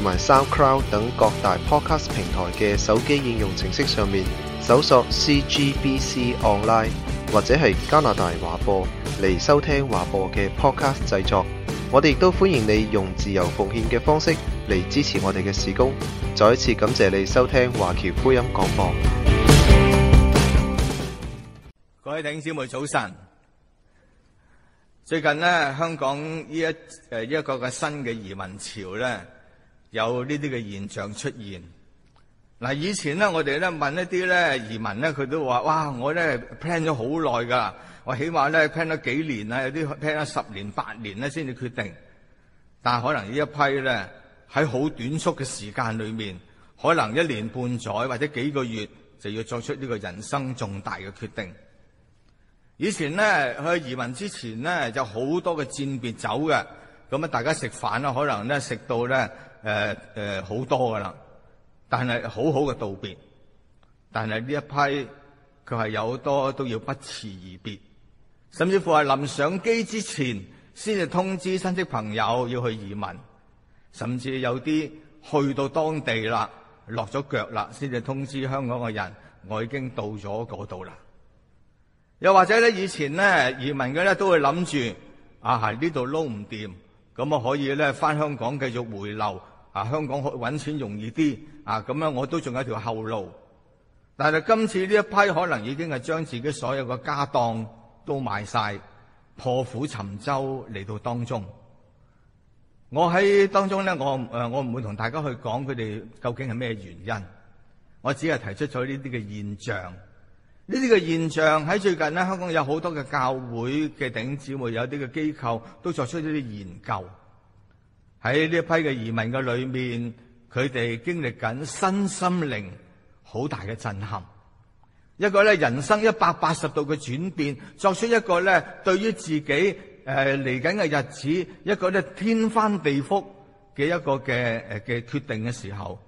同埋 SoundCloud 等各大 Podcast 平台嘅手機應用程式上面搜索 CGBC Online 或者係加拿大華播嚟收聽華播嘅 Podcast 製作，我哋亦都歡迎你用自由奉獻嘅方式嚟支持我哋嘅事工。再一次感謝你收聽華僑福音廣播。各位弟兄姊妹早晨，最近咧香港呢一誒、呃、一個嘅新嘅移民潮咧。有呢啲嘅現象出現。嗱，以前呢，我哋咧問一啲咧移民咧，佢都話，哇，我咧 plan 咗好耐噶，我起碼咧 plan 咗幾年啊，有啲 plan 咗十年八年咧先至決定。但係可能呢一批咧喺好短促嘅時間裏面，可能一年半載或者幾個月就要作出呢個人生重大嘅決定。以前咧去移民之前咧，有好多嘅餞別酒嘅，咁啊，大家食飯啦，可能咧食到咧。誒誒，好、呃呃、多噶啦，但係好好嘅道別，但係呢一批佢係有多都要不辭而別，甚至乎係臨上機之前先至通知親戚朋友要去移民，甚至有啲去到當地啦，落咗腳啦，先至通知香港嘅人，我已經到咗嗰度啦。又或者咧，以前咧移民嘅咧都會諗住啊喺呢度撈唔掂。咁啊可以咧翻香港繼續回流啊，香港搵錢容易啲啊，咁咧我都仲有一條後路。但係今次呢一批可能已經係將自己所有嘅家當都賣曬，破釜沉舟嚟到當中。我喺當中咧，我誒我唔會同大家去講佢哋究竟係咩原因，我只係提出咗呢啲嘅現象。呢啲嘅現象喺最近呢，香港有好多嘅教會嘅弟兄姊妹，有啲嘅機構都作出呢啲研究。喺呢一批嘅移民嘅裏面，佢哋經歷緊身心靈好大嘅震撼，一個咧人生一百八十度嘅轉變，作出一個咧對於自己誒嚟緊嘅日子，一個咧天翻地覆嘅一個嘅誒嘅決定嘅時候，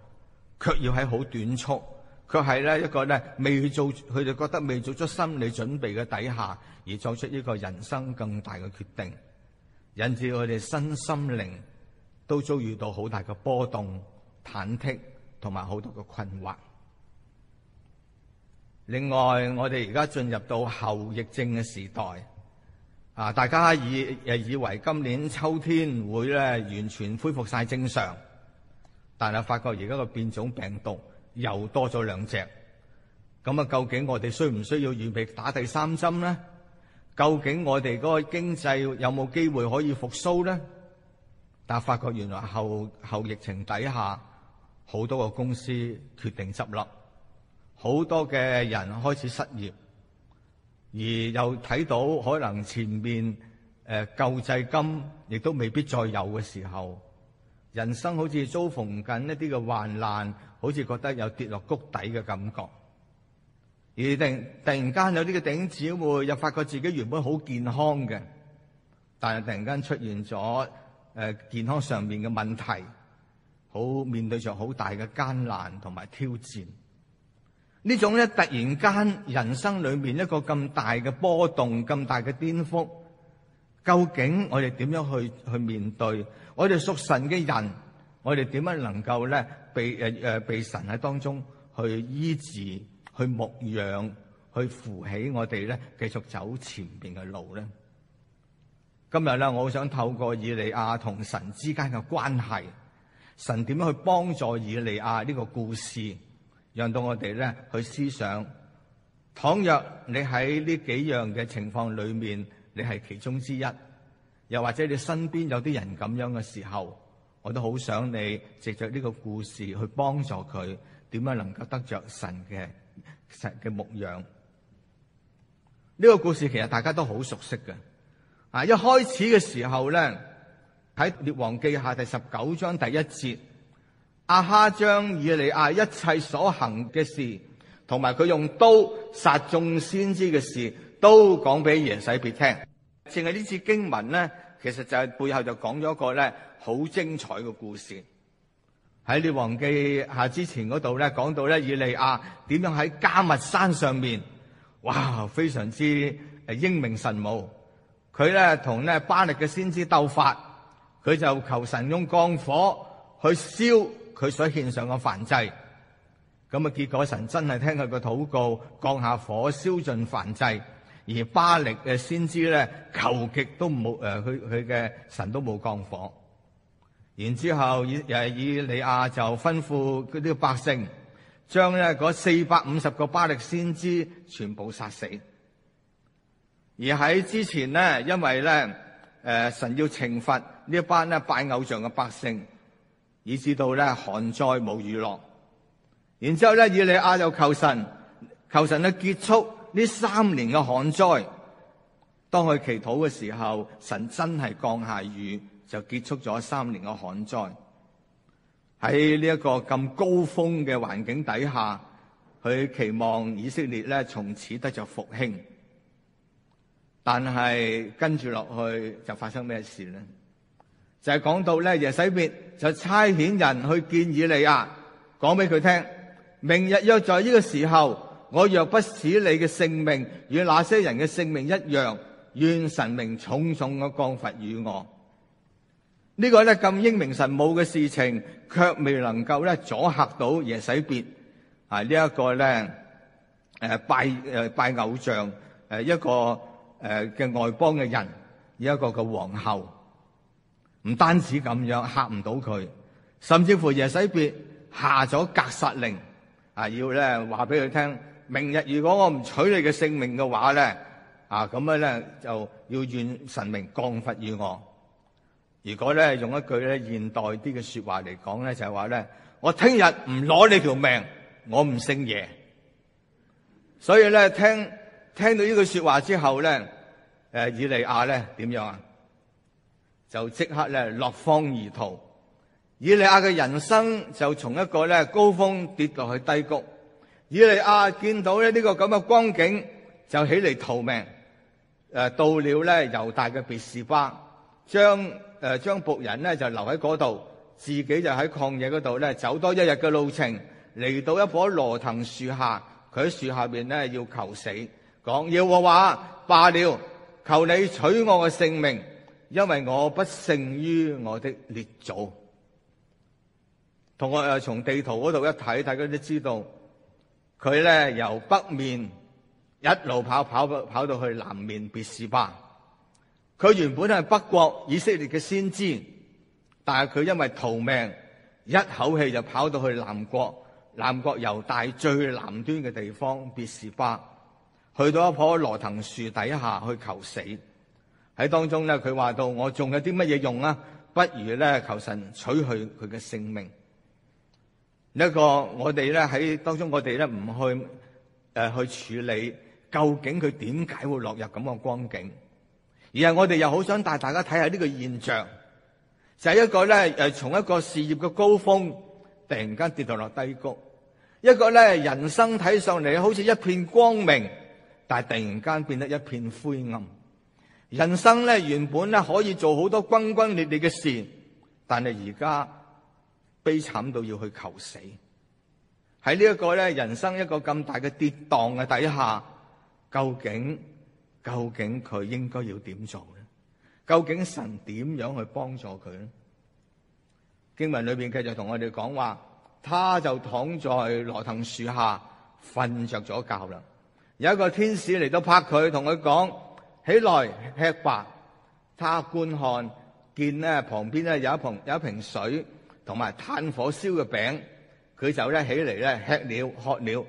卻要喺好短促。佢係咧一個咧未做，佢哋覺得未做出心理準備嘅底下，而做出呢個人生更大嘅決定，引致我哋身心靈都遭遇到好大嘅波動、忐忑同埋好多嘅困惑。另外，我哋而家進入到後疫症嘅時代，啊，大家以誒以為今年秋天會咧完全恢復晒正常，但係發覺而家個變種病毒。又多咗兩隻，咁啊，究竟我哋需唔需要預備打第三針咧？究竟我哋嗰個經濟有冇機會可以復甦咧？但發覺原來後後疫情底下，好多個公司決定執笠，好多嘅人開始失業，而又睇到可能前面誒救濟金亦都未必再有嘅時候。人生好似遭逢緊一啲嘅患難，好似覺得有跌落谷底嘅感覺，而突突然間有呢個頂頂會，又發覺自己原本好健康嘅，但係突然間出現咗誒健康上面嘅問題，好面對住好大嘅艱難同埋挑戰。種呢種咧突然間人生裏面一個咁大嘅波動，咁大嘅顛覆，究竟我哋點樣去去面對？我哋屬神嘅人，我哋點樣能夠咧被誒誒、呃、被神喺當中去醫治、去牧養、去扶起我哋咧，繼續走前邊嘅路咧？今日咧，我想透過以利亞同神之間嘅關係，神點樣去幫助以利亞呢個故事，讓到我哋咧去思想。倘若你喺呢幾樣嘅情況裏面，你係其中之一。又或者你身邊有啲人咁樣嘅時候，我都好想你藉着呢個故事去幫助佢，點樣能夠得着神嘅神嘅牧養。呢、呢個故事其實大家都好熟悉嘅。啊，一開始嘅時候咧，喺列王記上第十九章第一節，亞哈將以利亞一切所行嘅事，同埋佢用刀殺眾先知嘅事，都講俾耶洗別聽。淨係呢次經文咧，其實就係背後就講咗一個咧好精彩嘅故事。喺列王記下之前嗰度咧，講到咧以利亞點樣喺迦密山上面，哇，非常之誒英明神武。佢咧同呢巴力嘅先知鬥法，佢就求神用降火去燒佢所獻上嘅燔祭。咁啊，結果神真係聽佢嘅禱告，降下火燒盡燔祭。而巴力嘅先知咧，求極都冇誒，佢佢嘅神都冇降火。然之後以誒以利亞就吩咐嗰啲百姓，將咧嗰四百五十個巴力先知全部殺死。而喺之前呢，因為咧誒、呃、神要懲罰呢一班咧拜偶像嘅百姓，以至到咧旱災冇雨落。然之後咧，以利亞就求神，求神去結束。呢三年嘅旱災，當佢祈禱嘅時候，神真係降下雨，就結束咗三年嘅旱災。喺呢一個咁高峰嘅環境底下，佢期望以色列咧從此得着復興。但係跟住落去就發生咩事咧？就係、是、講到咧，耶洗別就差遣人去見以利亞，講俾佢聽，明日約在呢個時候。我若不使你嘅性命與那些人嘅性命一樣，願神明重重嘅降罰與我。這個、呢個咧咁英明神武嘅事情，卻未能夠咧阻嚇到耶洗別。啊，這個、呢一個咧誒拜誒、啊、拜偶像誒、啊、一個誒嘅、啊、外邦嘅人，一個嘅皇后，唔單止咁樣嚇唔到佢，甚至乎耶洗別下咗格殺令啊，要咧話俾佢聽。明日如果我唔取你嘅性命嘅話咧，啊咁樣咧就要願神明降罰於我。如果咧用一句咧現代啲嘅說話嚟講咧，就係話咧我聽日唔攞你條命，我唔姓耶。所以咧聽聽到呢句說話之後咧，誒以利亞咧點樣啊？就即刻咧落荒而逃。以利亞嘅人生就從一個咧高峰跌落去低谷。以利亞啊見到呢個咁嘅光景，就起嚟逃命。誒、呃，到了咧猶大嘅別士巴，將誒將僕人咧就留喺嗰度，自己就喺曠野嗰度咧走多一日嘅路程，嚟到一棵羅藤樹下，佢喺樹下邊咧要求死，講，要嘅話罷了，求你取我嘅性命，因為我不勝於我的列祖。同學又從地圖嗰度一睇，大家都知道。佢咧由北面一路跑跑跑到去南面別士巴，佢原本係北國以色列嘅先知，但係佢因為逃命，一口氣就跑到去南國，南國猶大最南端嘅地方別士巴，去到一棵羅藤樹底下去求死。喺當中咧，佢話到：我仲有啲乜嘢用啊？不如咧求神取去佢嘅性命。一個我哋咧喺當中，我們呢，我哋咧唔去誒、呃、去處理究竟佢點解會落入咁個光景，而係我哋又好想帶大家睇下呢個現象，就係、是、一個咧誒從一個事業嘅高峰突然間跌到落低谷，一個咧人生睇上嚟好似一片光明，但係突然間變得一片灰暗。人生咧原本咧可以做好多轟轟烈烈嘅事，但係而家。悲慘到要去求死，喺呢一個咧人生一個咁大嘅跌宕嘅底下，究竟究竟佢應該要點做咧？究竟神點樣去幫助佢咧？經文裏邊繼續同我哋講話，他就躺在羅藤樹下瞓着咗覺啦。有一個天使嚟到拍佢，同佢講，起來吃飯。他觀看見咧旁邊咧有一盆有一瓶水。同埋炭火燒嘅餅，佢就咧起嚟咧吃了喝了，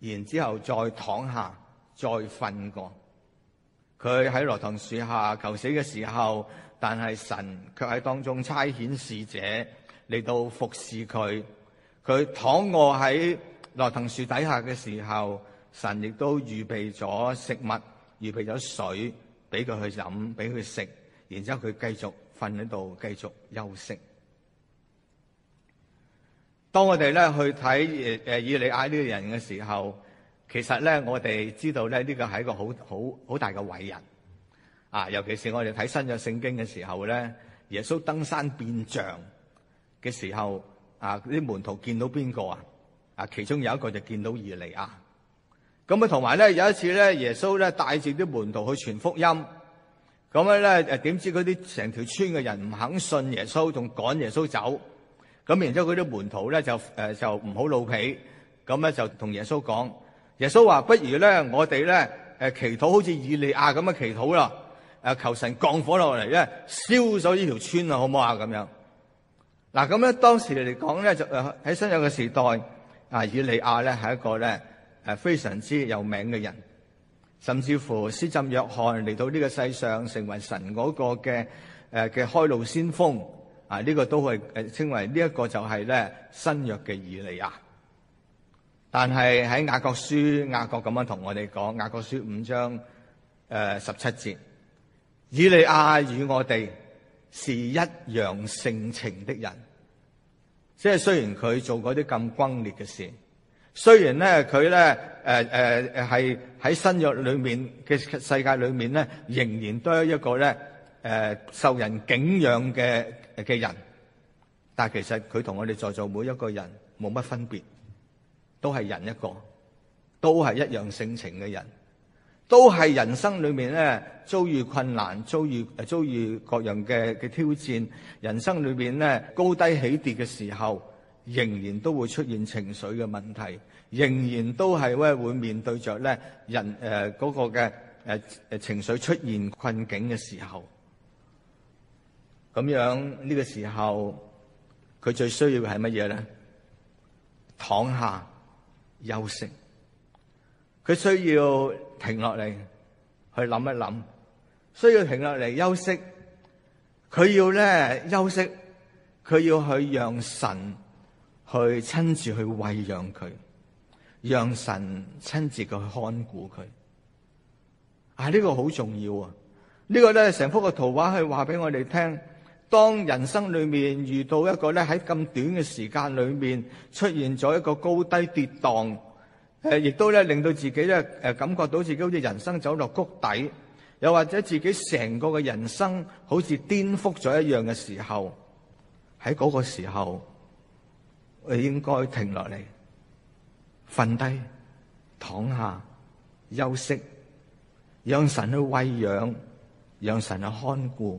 然之後再躺下再瞓過。佢喺羅藤樹下求死嘅時候，但係神卻喺當中差遣使者嚟到服侍佢。佢躺臥喺羅藤樹底下嘅時候，神亦都預備咗食物、預備咗水俾佢去飲，俾佢食，然之後佢繼續瞓喺度繼續休息。當我哋咧去睇，誒以利亞呢個人嘅時候，其實咧我哋知道咧，呢、呢個係一個好好好大嘅偉人啊！尤其是我哋睇新約聖經嘅時候咧，耶穌登山變像嘅時候啊，啲門徒見到邊個啊？啊，其中有一個就見到以利亞啊。咁啊，同埋咧有一次咧，耶穌咧帶住啲門徒去傳福音，咁樣咧誒，點知嗰啲成條村嘅人唔肯信耶穌，仲趕耶穌走。咁然之後佢啲門徒咧就誒就唔好露皮，咁咧就同耶穌講，耶穌話，不如咧我哋咧誒祈禱好似以利亞咁嘅祈禱啦，誒求神降火落嚟咧，燒咗呢條村啊，好唔好啊？咁樣嗱，咁咧當時嚟講咧就喺新約嘅時代，啊以利亞咧係一個咧誒非常之有名嘅人，甚至乎施浸約翰嚟到呢個世上，成為神嗰個嘅誒嘅開路先鋒。啊！呢個都係誒，稱為呢一個就係咧新約嘅以利亞。但係喺雅各書，雅各咁樣同我哋講，雅各書五章誒十七節，以利亞與我哋是一樣性情的人。即係雖然佢做嗰啲咁轟烈嘅事，雖然咧佢咧誒誒係喺新約裏面嘅世界裏面咧，仍然都係一個咧誒受人敬仰嘅誒嘅人，但係其實佢同我哋在座每一個人冇乜分別，都係人一個，都係一樣性情嘅人，都係人生裏面咧遭遇困難、遭遇誒遭遇各樣嘅嘅挑戰，人生裏面咧高低起跌嘅時候，仍然都會出現情緒嘅問題，仍然都係咧會面對着咧人誒、呃嗰個嘅誒誒情緒出現困境嘅時候。咁樣呢、這個時候，佢最需要嘅係乜嘢咧？躺下休息，佢需要停落嚟去諗一諗，需要停落嚟休息。佢要咧休息，佢要去讓神去親自去餵養佢，讓神親自去看顧佢。啊，呢、這個好重要啊！這個、呢個咧成幅嘅圖畫係話俾我哋聽。當人生裏面遇到一個咧喺咁短嘅時間裏面出現咗一個高低跌宕，誒，亦都咧令到自己咧誒感覺到自己好似人生走落谷底，又或者自己成個嘅人生好似顛覆咗一樣嘅時候，喺嗰個時候，我應該停落嚟，瞓低，躺下，休息，讓神去餵養，讓神去看顧。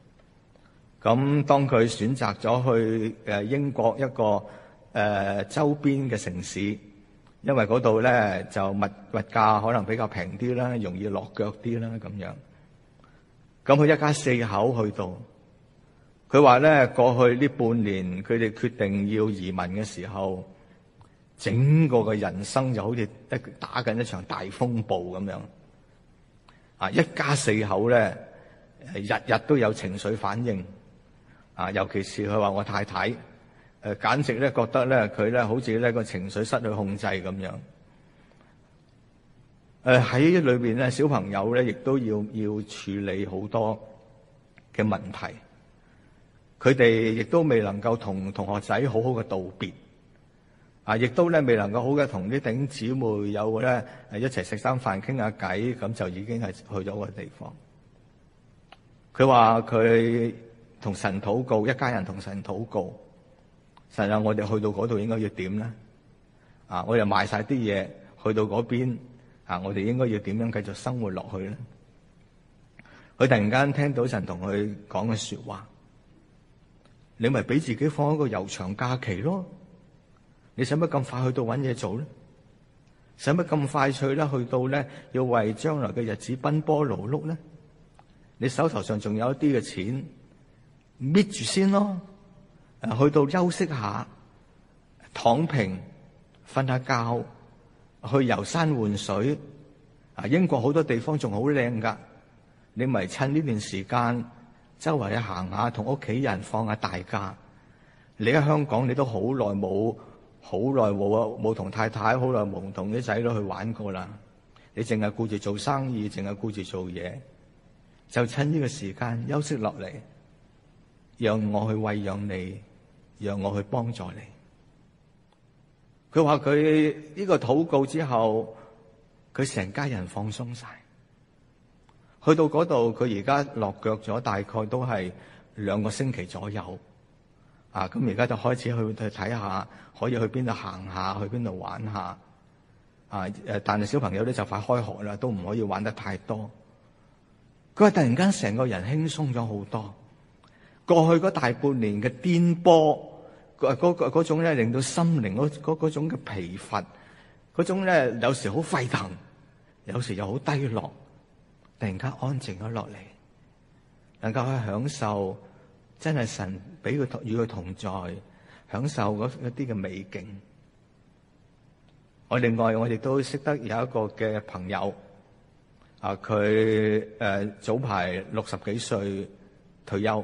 咁當佢選擇咗去誒英國一個誒、呃、周邊嘅城市，因為嗰度咧就物物價可能比較平啲啦，容易落腳啲啦咁樣。咁佢一家四口去到，佢話咧過去呢半年佢哋決定要移民嘅時候，整個嘅人生就好似一打緊一場大風暴咁樣。啊，一家四口咧日日都有情緒反應。啊，尤其是佢話我太太，誒、呃、簡直咧覺得咧佢咧好似呢個情緒失去控制咁樣。誒喺裏邊咧小朋友咧亦都要要處理好多嘅問題，佢哋亦都未能夠同同學仔好好嘅道別，啊亦都咧未能夠好嘅同啲頂姊妹友咧誒一齊食餐飯傾下偈，咁就已經係去咗個地方。佢話佢同神禱告，一家人同神禱告。神啊，我哋去到嗰度應該要點咧？啊，我哋賣晒啲嘢去到嗰邊，啊，我哋應該要點樣繼續生活落去咧？佢、啊、突然間聽到神同佢講嘅說話，你咪俾自己放一個悠長假期咯。你使乜咁快去到搵嘢做咧？使乜咁快脆咧去到咧？要為將來嘅日子奔波勞碌咧？你手頭上仲有一啲嘅錢。搣住先咯，誒，去到休息下，躺平，瞓下覺，去遊山玩水。啊，英國好多地方仲好靚噶，你咪趁呢段時間周圍去行下，同屋企人放下大假。你喺香港，你都好耐冇好耐冇啊，冇同太太好耐冇同啲仔女去玩過啦。你淨係顧住做生意，淨係顧住做嘢，就趁呢個時間休息落嚟。讓我去餵養你，讓我去幫助你。佢話佢呢個禱告之後，佢成家人放鬆晒。去到嗰度，佢而家落腳咗，大概都係兩個星期左右。啊，咁而家就開始去去睇下，可以去邊度行下，去邊度玩下。啊，誒，但係小朋友咧就快開學啦，都唔可以玩得太多。佢話突然間成個人輕鬆咗好多。過去嗰大半年嘅顛簸，嗰嗰嗰種咧，令到心靈嗰嗰嗰種嘅疲乏，嗰種咧有時好沸騰，有時又好低落。突然間安靜咗落嚟，能夠去享受真係神俾佢與佢同在，享受嗰一啲嘅美景。我另外我亦都識得有一個嘅朋友，啊，佢誒早排六十幾歲退休。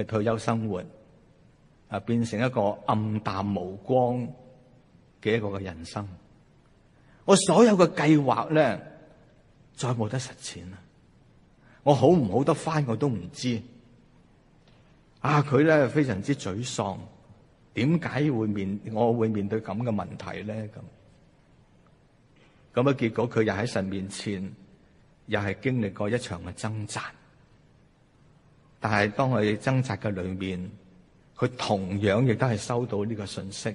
嘅退休生活啊，變成一個暗淡無光嘅一個嘅人生。我所有嘅計劃咧，再冇得實踐啊。我好唔好得翻，我都唔知。啊，佢咧非常之沮喪，點解會面我會面對咁嘅問題咧？咁咁啊，結果佢又喺神面前，又係經歷過一場嘅掙扎。但係當佢掙扎嘅裏面，佢同樣亦都係收到呢個信息。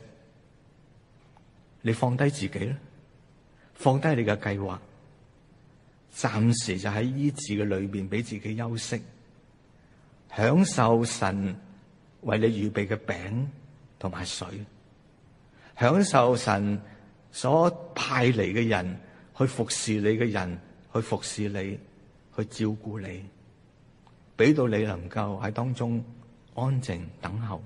你放低自己咧，放低你嘅計劃，暫時就喺醫治嘅裏面俾自己休息，享受神為你預備嘅餅同埋水，享受神所派嚟嘅人去服侍你嘅人，去服侍你，去照顧你。俾到你能夠喺當中安靜等候。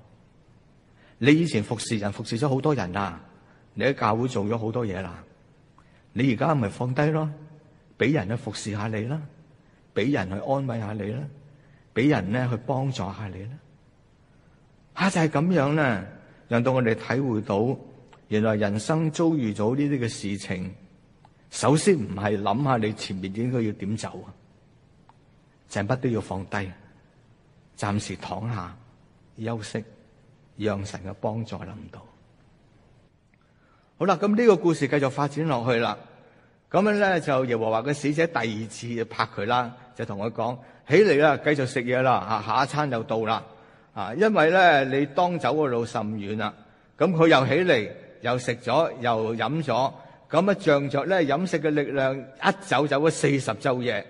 你以前服侍人服侍咗好多人啦，你喺教會做咗好多嘢啦，你而家咪放低咯，俾人去服侍下你啦，俾人去安慰下你啦，俾人咧去幫助下你啦。吓、啊、就係、是、咁樣咧，讓到我哋體會到，原來人生遭遇咗呢啲嘅事情，首先唔係諗下你前面應該要點走啊。成筆都要放低，暫時躺下休息，讓神嘅幫助臨到。好啦，咁呢個故事繼續發展落去啦。咁樣咧就耶和華嘅使者第二次拍佢啦，就同佢講：起嚟啦，繼續食嘢啦，吓下一餐就到啦。啊，因為咧你當走嘅路甚遠啦。咁佢又起嚟，又食咗，又飲咗，咁啊仗著咧飲食嘅力量，一走走咗四十晝夜。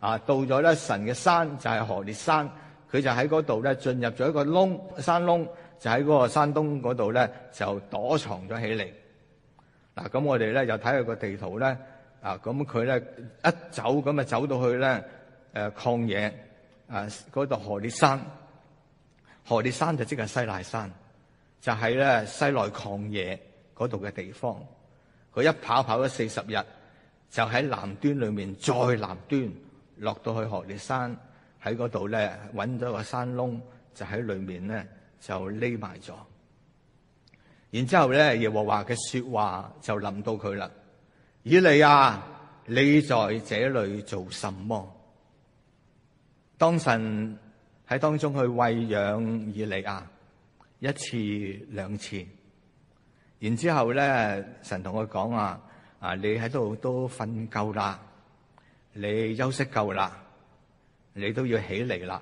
啊，到咗咧神嘅山就係何烈山，佢就喺嗰度咧進入咗一個窿，山窿，就喺嗰個山東嗰度咧就躲藏咗起嚟。嗱，咁我哋咧就睇佢個地圖咧，啊，咁佢咧一走咁啊走到去咧誒曠野，啊嗰度何烈山，何烈山就即係西奈山，就喺、是、咧西奈曠野嗰度嘅地方。佢一跑跑咗四十日，就喺南端裏面再南端。落到去何烈山喺嗰度咧，揾咗個山窿，就喺裏面咧就匿埋咗。然之後咧，耶和華嘅說話就臨到佢啦。以利亞，你在這裏做什麼？當神喺當中去餵養以利亞一次兩次，然之後咧，神同佢講啊啊，你喺度都瞓夠啦。你休息夠啦，你都要起嚟啦，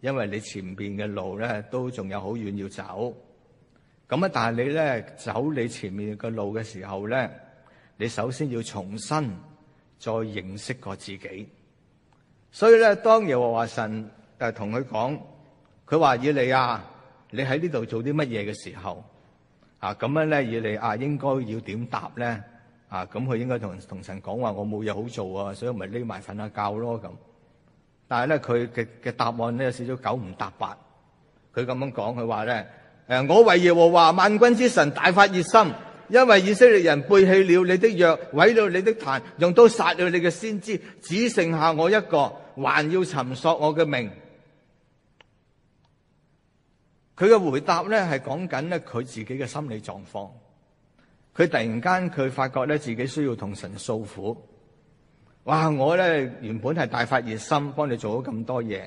因為你前面嘅路咧都仲有好遠要走。咁啊，但係你咧走你前面嘅路嘅時候咧，你首先要重新再認識過自己。所以咧，當耶和華神誒同佢講，佢話以利亞，你喺呢度做啲乜嘢嘅時候啊，咁樣咧，以利亞應該要點答咧？啊，咁佢應該同同神講話，我冇嘢好做啊，所以咪匿埋瞓下覺咯咁。但係咧，佢嘅嘅答案咧，有少少九唔搭八。佢咁樣講，佢話咧，誒、呃，我為耶和華萬軍之神大發熱心，因為以色列人背棄了你的約，毀了你的壇，用刀殺了你嘅先知，只剩下我一個，還要尋索我嘅命。佢嘅回答咧，係講緊咧佢自己嘅心理狀況。佢突然間佢發覺咧自己需要同神訴苦，哇！我咧原本係大發熱心幫你做咗咁多嘢，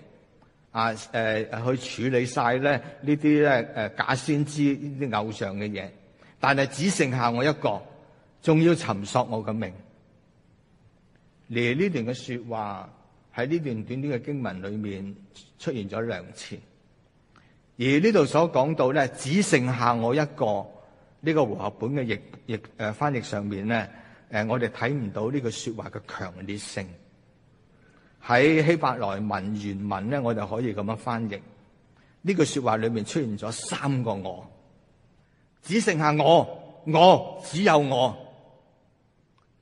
啊誒、啊、去處理晒咧呢啲咧誒假先知呢啲偶像嘅嘢，但係只剩下我一個，仲要尋索我嘅命。而呢段嘅說話喺呢段短短嘅經文裏面出現咗兩次，而呢度所講到咧只剩下我一個。呢個和合本嘅譯譯誒翻譯上面咧，誒我哋睇唔到呢句說話嘅強烈性。喺希伯來文原文咧，我哋可以咁樣翻譯呢句說話裏面出現咗三個我，只剩下我，我，只有我。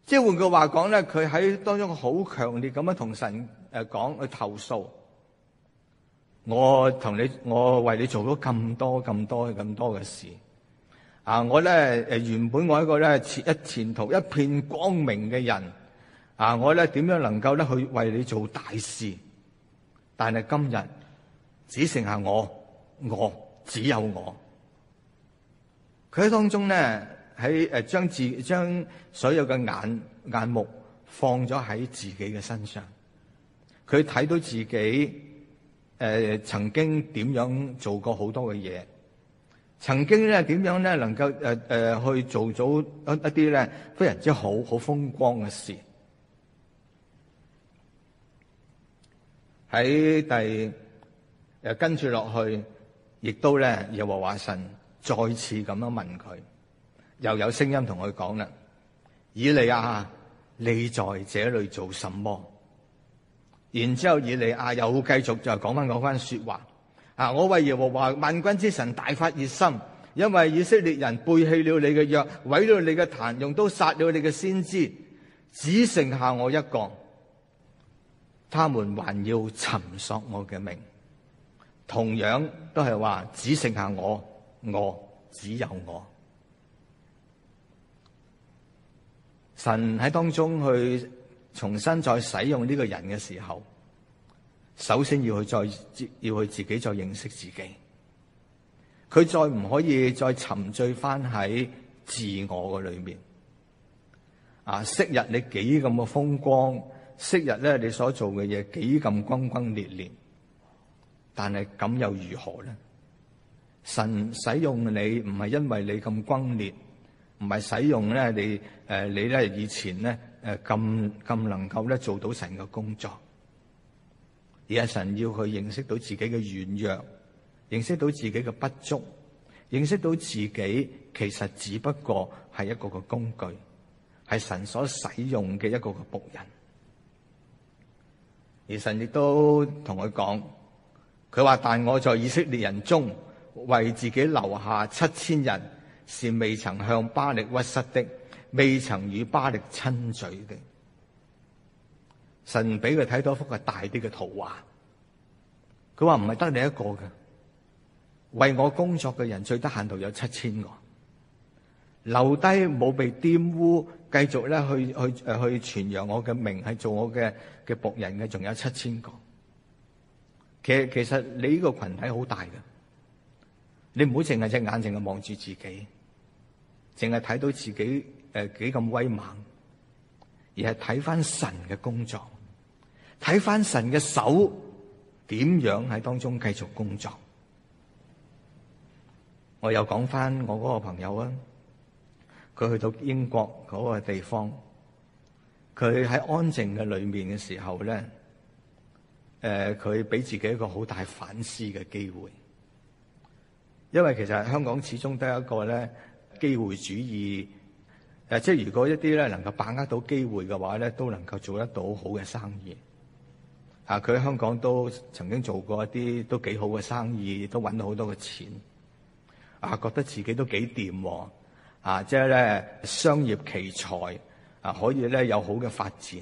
即係換句話講咧，佢喺當中好強烈咁樣同神誒講去投訴，我同你，我為你做咗咁多咁多咁多嘅事。啊！我咧誒，原本我一個咧前一前途一片光明嘅人，啊！我咧點樣能夠咧去為你做大事？但係今日只剩下我，我只有我。佢喺當中咧，喺誒將自將所有嘅眼眼目放咗喺自己嘅身上，佢睇到自己誒、呃、曾經點樣做過好多嘅嘢。曾經咧點樣咧能夠誒誒去做咗一啲咧非常之好好風光嘅事喺第誒、呃、跟住落去，亦都咧耶和華神再次咁樣問佢，又有聲音同佢講啦：以利亞，你在這裏做什麼？然之後以利亞又繼續就講翻講翻說話。啊！我為耶和華萬軍之神大發熱心，因為以色列人背棄了你嘅約，毀了你嘅壇，用刀殺了你嘅先知，只剩下我一個，他們還要尋索我嘅命。同樣都係話，只剩下我，我只有我。神喺當中去重新再使用呢個人嘅時候。首先要佢再要佢自己再認識自己。佢再唔可以再沉醉翻喺自我嘅裏面。啊，昔日你幾咁嘅風光，昔日咧你所做嘅嘢幾咁轟轟烈烈。但係咁又如何咧？神使用你唔係因為你咁轟烈，唔係使用咧你誒你咧以前咧誒咁咁能夠咧做到神嘅工作。而是神要佢認識到自己嘅軟弱，認識到自己嘅不足，認識到自己其實只不過係一個個工具，係神所使用嘅一個個僕人。而神亦都同佢講，佢話但我在以色列人中為自己留下七千人，是未曾向巴力屈膝的，未曾與巴力親嘴的。神俾佢睇到一幅係大啲嘅圖畫，佢話唔係得你一個嘅，為我工作嘅人最得限度有七千個，留低冇被玷污，繼續咧去去、呃、去傳揚我嘅名，係做我嘅嘅僕人嘅，仲有七千個。其實其實你呢個群體好大嘅，你唔好淨係只眼睛係望住自己，淨係睇到自己誒幾咁威猛，而係睇翻神嘅工作。睇翻神嘅手點樣喺當中繼續工作。我又講翻我嗰個朋友啊，佢去到英國嗰個地方，佢喺安靜嘅裏面嘅時候咧，誒、呃，佢俾自己一個好大反思嘅機會，因為其實香港始終都係一個咧機會主義誒、呃，即係如果一啲咧能夠把握到機會嘅話咧，都能夠做得到好嘅生意。啊！佢喺香港都曾經做過一啲都幾好嘅生意，都揾到好多嘅錢。啊，覺得自己都幾掂喎！啊，即係咧商業奇才啊，可以咧有好嘅發展。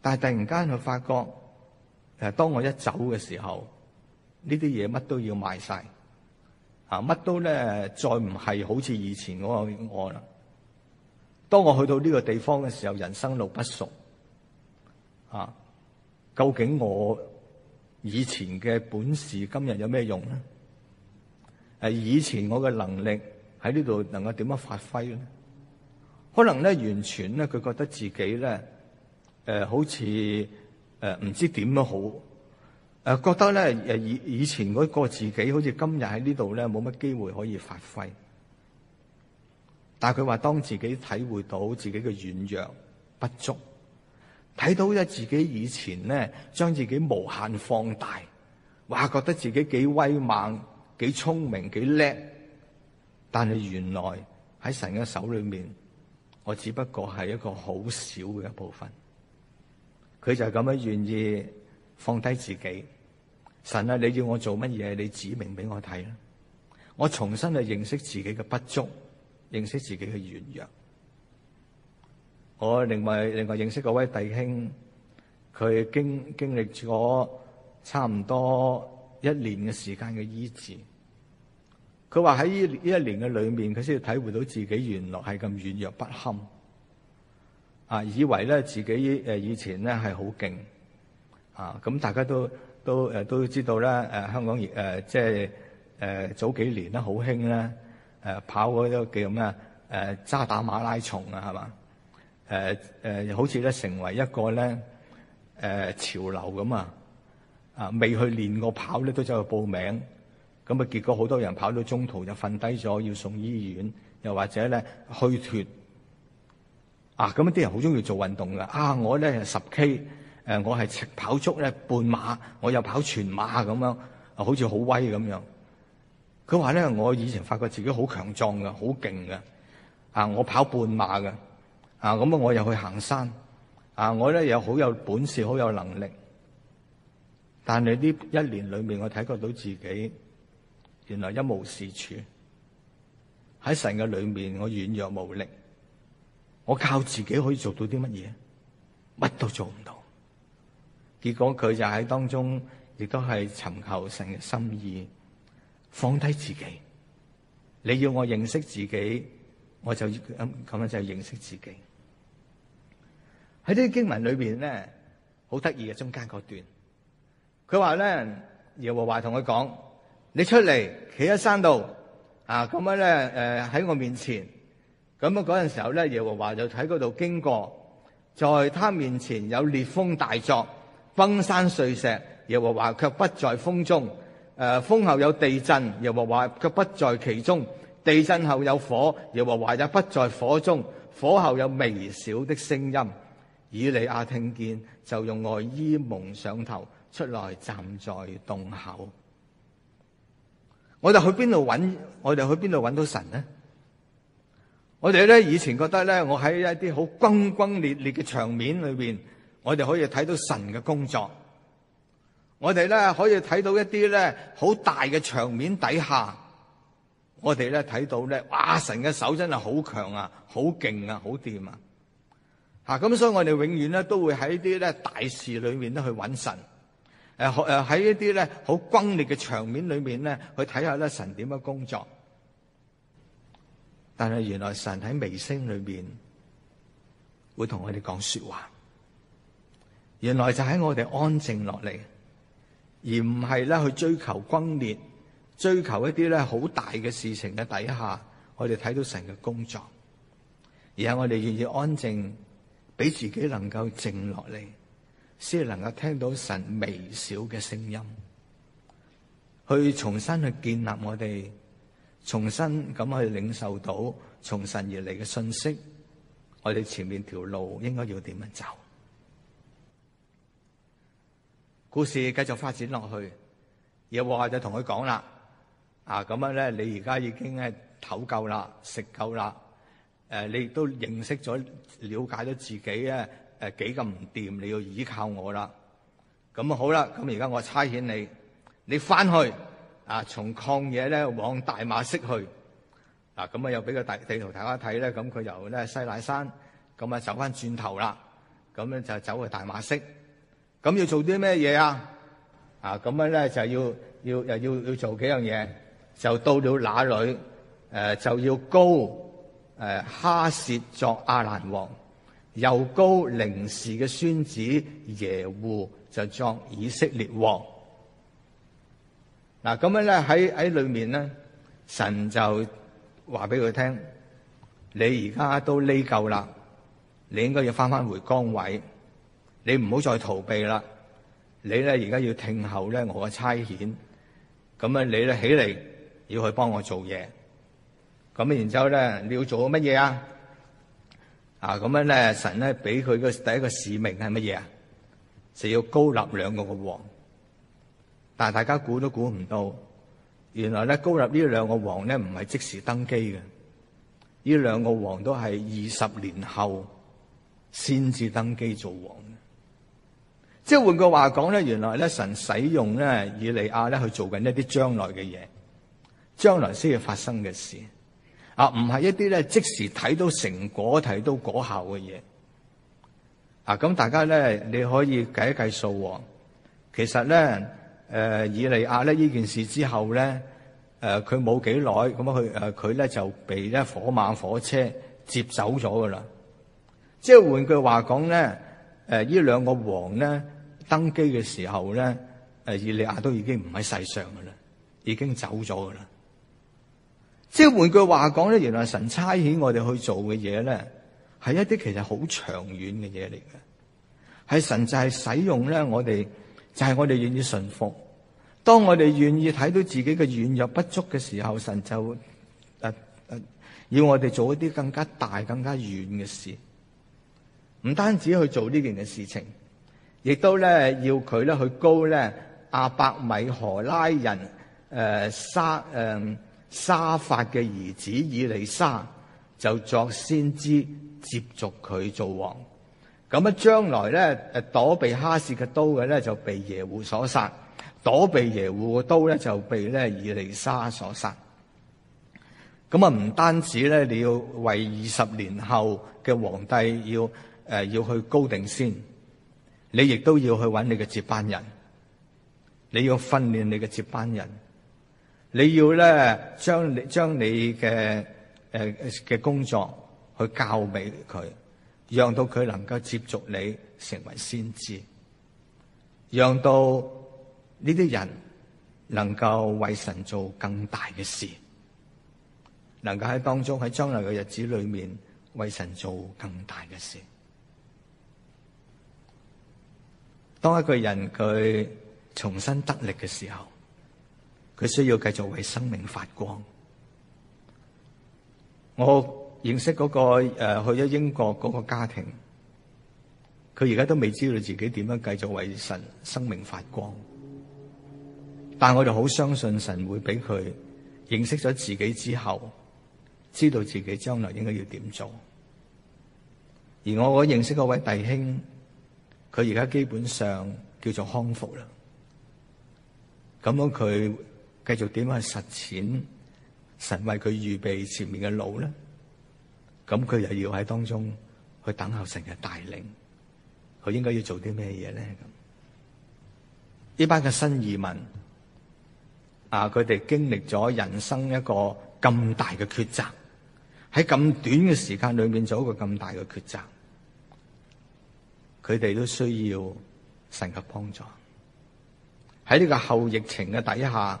但係突然間佢發覺，誒，當我一走嘅時候，呢啲嘢乜都要賣晒，啊，乜都咧再唔係好似以前嗰個我啦。當我去到呢個地方嘅時候，人生路不熟。啊！究竟我以前嘅本事今日有咩用咧？以前我嘅能力喺呢度能夠點樣發揮咧？可能咧完全咧佢覺得自己咧誒、呃，好似誒，唔知點樣好誒，覺得咧誒，以以前嗰個自己好似今日喺呢度咧冇乜機會可以發揮。但係佢話當自己體會到自己嘅軟弱不足。睇到咗自己以前咧，將自己無限放大，哇！覺得自己幾威猛、幾聰明、幾叻，但係原來喺神嘅手裏面，我只不過係一個好少嘅一部分。佢就係咁樣願意放低自己。神啊，你要我做乜嘢？你指明俾我睇啦。我重新去認識自己嘅不足，認識自己嘅軟弱。我另外另外認識嗰位弟兄，佢經經歷咗差唔多一年嘅時間嘅醫治。佢話喺呢一年嘅裏面，佢先至體會到自己原來係咁軟弱不堪。啊，以為咧自己誒以前咧係好勁。啊，咁大家都都誒都知道啦。誒香港誒即係誒早幾年咧好興咧誒跑嗰個叫咩誒渣打馬拉松啊，係嘛？誒誒、呃呃，好似咧成為一個咧誒、呃、潮流咁啊！啊，未去練過跑咧，都走去報名，咁啊，結果好多人跑到中途就瞓低咗，要送醫院，又或者咧虛脫啊！咁啲人好中意做運動噶啊！我咧十 K，誒、啊，我係跑足咧半馬，我又跑全馬咁樣，好似好威咁樣。佢話咧，我以前發覺自己好強壯噶，好勁噶，啊，我跑半馬噶。啊，咁啊，我又去行山。啊，我咧又好有本事，好有能力。但係呢一年裏面，我睇覺到自己，原來一無是處。喺神嘅裏面，我軟弱無力。我靠自己可以做到啲乜嘢？乜都做唔到。結果佢就喺當中，亦都係尋求神嘅心意，放低自己。你要我認識自己，我就咁咁，嗯，樣就認識自己。喺啲經文裏邊咧，好得意嘅中間嗰段，佢話咧，耶和華同佢講：你出嚟，企喺山度啊，咁樣咧，誒、呃、喺我面前。咁啊，嗰陣時候咧，耶和華就喺嗰度經過，在他面前有烈風大作，崩山碎石，耶和華卻不在風中；誒、呃，風後有地震，耶和華卻不在其中；地震後有火，耶和華也不在火中；火後有微小的聲音。以利亞聽見，就用外衣蒙上頭，出來站在洞口。我哋去邊度揾？我哋去邊度揾到神呢？我哋咧以前覺得咧，我喺一啲好轟轟烈烈嘅場面裏邊，我哋可以睇到神嘅工作。我哋咧可以睇到一啲咧好大嘅場面底下，我哋咧睇到咧，哇！神嘅手真係好強啊，好勁啊，好掂啊！啊！咁所以我哋永遠咧都會喺啲咧大事裏面咧去揾神，誒誒喺一啲咧好轟烈嘅場面裏面咧去睇下咧神點樣工作。但係原來神喺微聲裏面會同我哋講說話。原來就喺我哋安靜落嚟，而唔係咧去追求轟烈，追求一啲咧好大嘅事情嘅底下，我哋睇到神嘅工作。而係我哋願意安靜。俾自己能夠靜落嚟，先能夠聽到神微小嘅聲音，去重新去建立我哋，重新咁去領受到從神而嚟嘅信息，我哋前面條路應該要點樣走？故事繼續發展落去，有話就同佢講啦。啊，咁樣咧，你而家已經係唞夠啦，食夠啦。誒，你都認識咗、瞭解咗自己咧，誒幾咁唔掂，你要倚靠我啦。咁啊好啦，咁而家我差遣你，你翻去啊，從曠野咧往大馬色去。嗱，咁啊又俾個大地圖大家睇咧，咁佢由咧西乃山，咁啊走翻轉頭啦，咁樣就走去大馬色。咁要做啲咩嘢啊？啊，咁樣咧就要要又要要做幾樣嘢，就到了哪裏誒就要膏。誒、啊，哈薛作亞蘭王，又膏寧示嘅孫子耶戶就作以色列王。嗱、啊，咁樣咧喺喺裏面咧，神就話俾佢聽：你而家都匿夠啦，你應該要返返回崗位，你唔好再逃避啦。你咧而家要聽候咧我嘅差遣，咁樣你咧起嚟要去幫我做嘢。咁然之後咧，你要做乜嘢啊？啊，咁樣咧，神咧俾佢個第一個使命係乜嘢啊？就要高立兩個個王，但係大家估都估唔到，原來咧高立呢兩個王咧唔係即時登基嘅，呢兩個王都係二十年後先至登基做王。即係換句話講咧，原來咧神使用咧以利亞咧去做緊一啲將來嘅嘢，將來先要發生嘅事。啊，唔係一啲咧，即時睇到成果、睇到果效嘅嘢。啊，咁大家咧，你可以計一計數，哦。其實咧，誒、呃，以利亞咧呢件事之後咧，誒佢冇幾耐，咁樣佢誒佢咧就被咧火馬火車接走咗噶啦。即係換句話講咧，誒呢兩個王咧登基嘅時候咧，誒、呃，以利亞都已經唔喺世上噶啦，已經走咗噶啦。即係換句話講咧，原來神差遣我哋去做嘅嘢咧，係一啲其實好長遠嘅嘢嚟嘅。係神就係使用咧我哋，就係、是、我哋願意順服。當我哋願意睇到自己嘅軟弱不足嘅時候，神就誒誒、啊啊，要我哋做一啲更加大、更加遠嘅事。唔單止去做這件呢件嘅事情，亦都咧要佢咧去膏咧亞伯米何拉人誒、呃、沙誒。呃沙法嘅兒子以利沙就作先知接續佢做王。咁啊將來咧，誒躲避哈薛嘅刀嘅咧就被耶戶所殺；躲避耶戶嘅刀咧就被咧以利沙所殺。咁啊唔單止咧，你要為二十年後嘅皇帝要誒、呃、要去高定先，你亦都要去揾你嘅接班人，你要訓練你嘅接班人。你要咧，將你將你嘅誒嘅工作去教俾佢，讓到佢能夠接續你，成為先知，讓到呢啲人能夠為神做更大嘅事，能夠喺當中，喺將來嘅日子裏面為神做更大嘅事。當一個人佢重新得力嘅時候。佢需要繼續為生命發光。我認識嗰個誒去咗英國嗰個家庭，佢而家都未知道自己點樣繼續為神生命發光，但我就好相信神會俾佢認識咗自己之後，知道自己將來應該要點做。而我認識嗰位弟兄，佢而家基本上叫做康復啦，咁樣佢。繼續點樣去實踐？神為佢預備前面嘅路咧，咁佢又要喺當中去等候神嘅帶領。佢應該要做啲咩嘢咧？咁呢班嘅新移民啊，佢哋經歷咗人生一個咁大嘅抉擇，喺咁短嘅時間裏面做一個咁大嘅抉擇，佢哋都需要神嘅幫助。喺呢個後疫情嘅底下。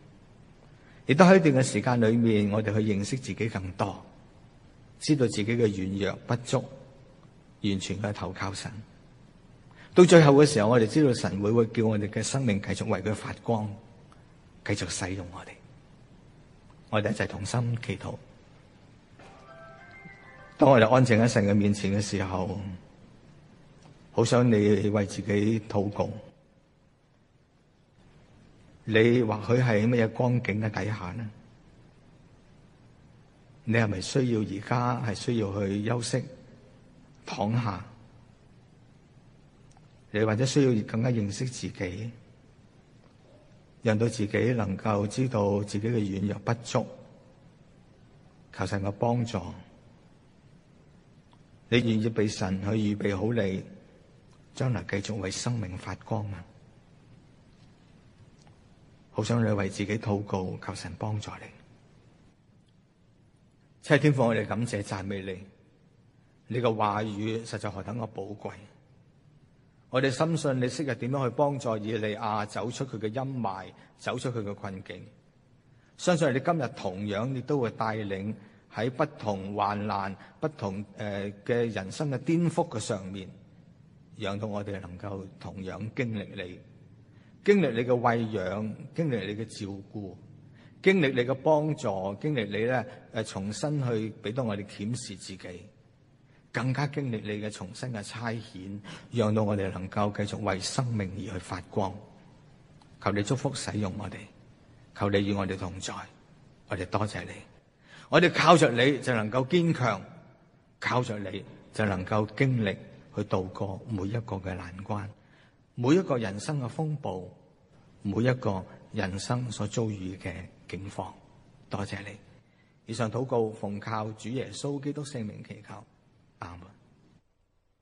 亦都喺一段嘅時間裏面，我哋去認識自己更多，知道自己嘅軟弱不足，完全去投靠神。到最後嘅時候，我哋知道神會會叫我哋嘅生命繼續為佢發光，繼續使用我哋。我哋一齊同心祈禱。當我哋安靜喺神嘅面前嘅時候，好想你為自己禱告。你或許係乜嘢光景嘅底下呢？你係咪需要而家係需要去休息、躺下？你或者需要更加認識自己，讓到自己能夠知道自己嘅軟弱不足，求神嘅幫助。你願意俾神去預備好你，將來繼續為生命發光嗎？好想你為自己禱告，求神幫助你。七天父，我哋感謝讚美你，你嘅話語實在何等嘅寶貴。我哋深信你昔日點樣去幫助以利亞走出佢嘅陰霾，走出佢嘅困境，相信你今日同樣亦都會帶領喺不同患難、不同誒嘅人生嘅顛覆嘅上面，讓到我哋能夠同樣經歷你。經歷你嘅餵養，經歷你嘅照顧，經歷你嘅幫助，經歷你咧誒重新去俾到我哋檢視自己，更加經歷你嘅重新嘅差遣，讓到我哋能夠繼續為生命而去發光。求你祝福使用我哋，求你與我哋同在，我哋多謝你，我哋靠着你就能夠堅強，靠着你就能夠經歷去度過每一個嘅難關。每一個人生嘅風暴，每一個人生所遭遇嘅境況，多謝你。以上禱告奉靠主耶穌基督聖名祈求，阿門。